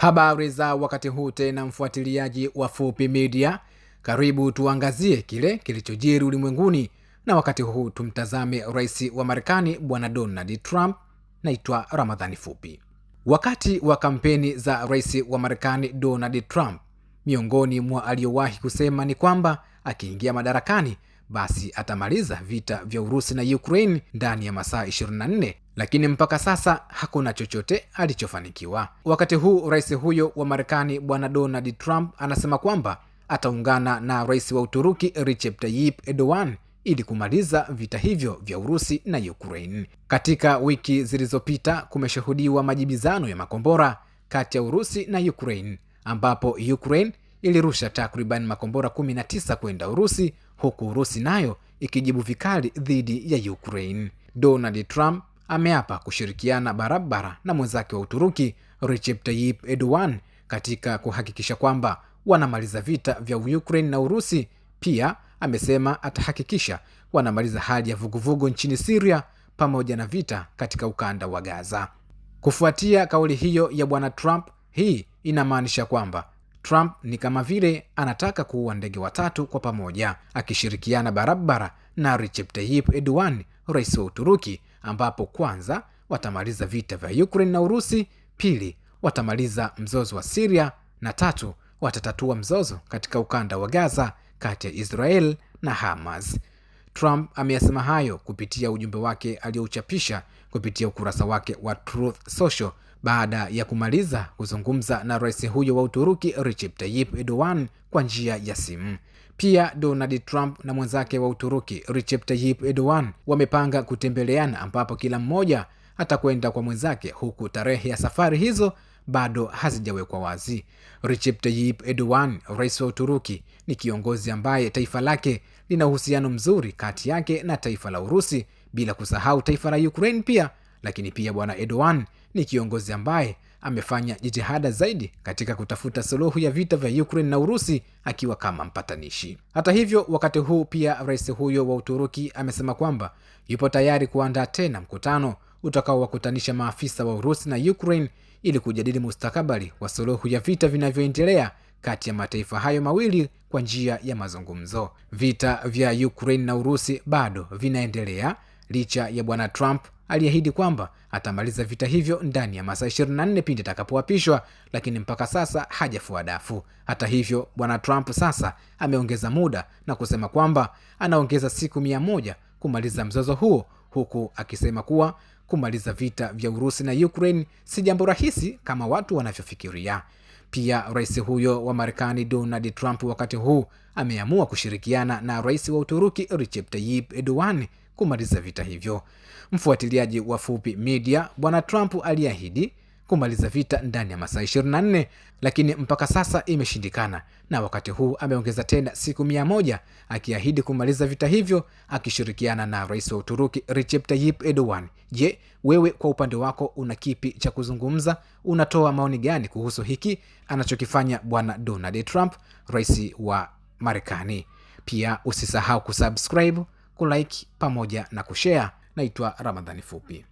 Habari za wakati huu tena, mfuatiliaji wa Fupi Media, karibu tuangazie kile kilichojiri ulimwenguni, na wakati huu tumtazame rais wa Marekani Bwana Donald Trump. Naitwa Ramadhani Fupi. Wakati wa kampeni za rais wa Marekani Donald Trump, miongoni mwa aliyowahi kusema ni kwamba akiingia madarakani basi atamaliza vita vya Urusi na Ukraine ndani ya masaa 24 lakini mpaka sasa hakuna chochote alichofanikiwa. Wakati huu rais huyo wa Marekani bwana Donald Trump anasema kwamba ataungana na rais wa Uturuki Recep Tayyip Erdogan ili kumaliza vita hivyo vya Urusi na Ukraine. Katika wiki zilizopita kumeshuhudiwa majibizano ya makombora kati ya Urusi na Ukraine ambapo Ukraine ilirusha takriban makombora 19 kwenda Urusi huku Urusi nayo ikijibu vikali dhidi ya Ukraine. Donald Trump ameapa kushirikiana barabara na mwenzake wa Uturuki Recep Tayyip Erdogan katika kuhakikisha kwamba wanamaliza vita vya Ukraine na Urusi. Pia amesema atahakikisha wanamaliza hali ya vuguvugu nchini siria pamoja na vita katika ukanda wa Gaza. Kufuatia kauli hiyo ya bwana Trump, hii inamaanisha kwamba Trump ni kama vile anataka kuua ndege watatu kwa pamoja, akishirikiana barabara na Recep Tayyip Erdogan, rais wa Uturuki, ambapo kwanza watamaliza vita vya Ukraine na Urusi, pili watamaliza mzozo wa Siria na tatu watatatua mzozo katika ukanda wa Gaza kati ya Israel na Hamas. Trump ameyasema hayo kupitia ujumbe wake aliyouchapisha kupitia ukurasa wake wa Truth Social baada ya kumaliza kuzungumza na rais huyo wa Uturuki Recep Tayyip Erdogan kwa njia ya simu. Pia Donald Trump na mwenzake wa Uturuki Recep Tayyip Erdogan wamepanga kutembeleana, ambapo kila mmoja atakwenda kwa mwenzake, huku tarehe ya safari hizo bado hazijawekwa wazi. Recep Tayyip Erdogan, rais wa Uturuki, ni kiongozi ambaye taifa lake lina uhusiano mzuri kati yake na taifa la Urusi, bila kusahau taifa la Ukraine pia. Lakini pia bwana Erdogan ni kiongozi ambaye amefanya jitihada zaidi katika kutafuta suluhu ya vita vya Ukraine na Urusi akiwa kama mpatanishi. Hata hivyo, wakati huu pia rais huyo wa Uturuki amesema kwamba yupo tayari kuandaa tena mkutano utakaowakutanisha maafisa wa Urusi na Ukraine ili kujadili mustakabali wa suluhu ya vita vinavyoendelea kati ya mataifa hayo mawili kwa njia ya mazungumzo. Vita vya Ukraine na Urusi bado vinaendelea licha ya bwana Trump aliahidi kwamba atamaliza vita hivyo ndani ya masaa 24 pindi atakapoapishwa, lakini mpaka sasa hajafua dafu. Hata hivyo, bwana Trump sasa ameongeza muda na kusema kwamba anaongeza siku mia moja kumaliza mzozo huo, huku akisema kuwa kumaliza vita vya Urusi na Ukraine si jambo rahisi kama watu wanavyofikiria. Pia rais huyo wa Marekani Donald Trump wakati huu ameamua kushirikiana na rais wa Uturuki Recep Tayyip Erdogan kumaliza vita hivyo. Mfuatiliaji wa Fupi Media, Bwana Trump aliahidi kumaliza vita ndani ya masaa 24 lakini mpaka sasa imeshindikana, na wakati huu ameongeza tena siku mia moja akiahidi kumaliza vita hivyo akishirikiana na rais wa Uturuki Recep Tayyip Erdogan. Je, wewe kwa upande wako una kipi cha kuzungumza? Unatoa maoni gani kuhusu hiki anachokifanya bwana Donald Trump, rais wa Marekani? Pia usisahau kusubscribe kulike pamoja na kushare. Naitwa Ramadhani Fupi.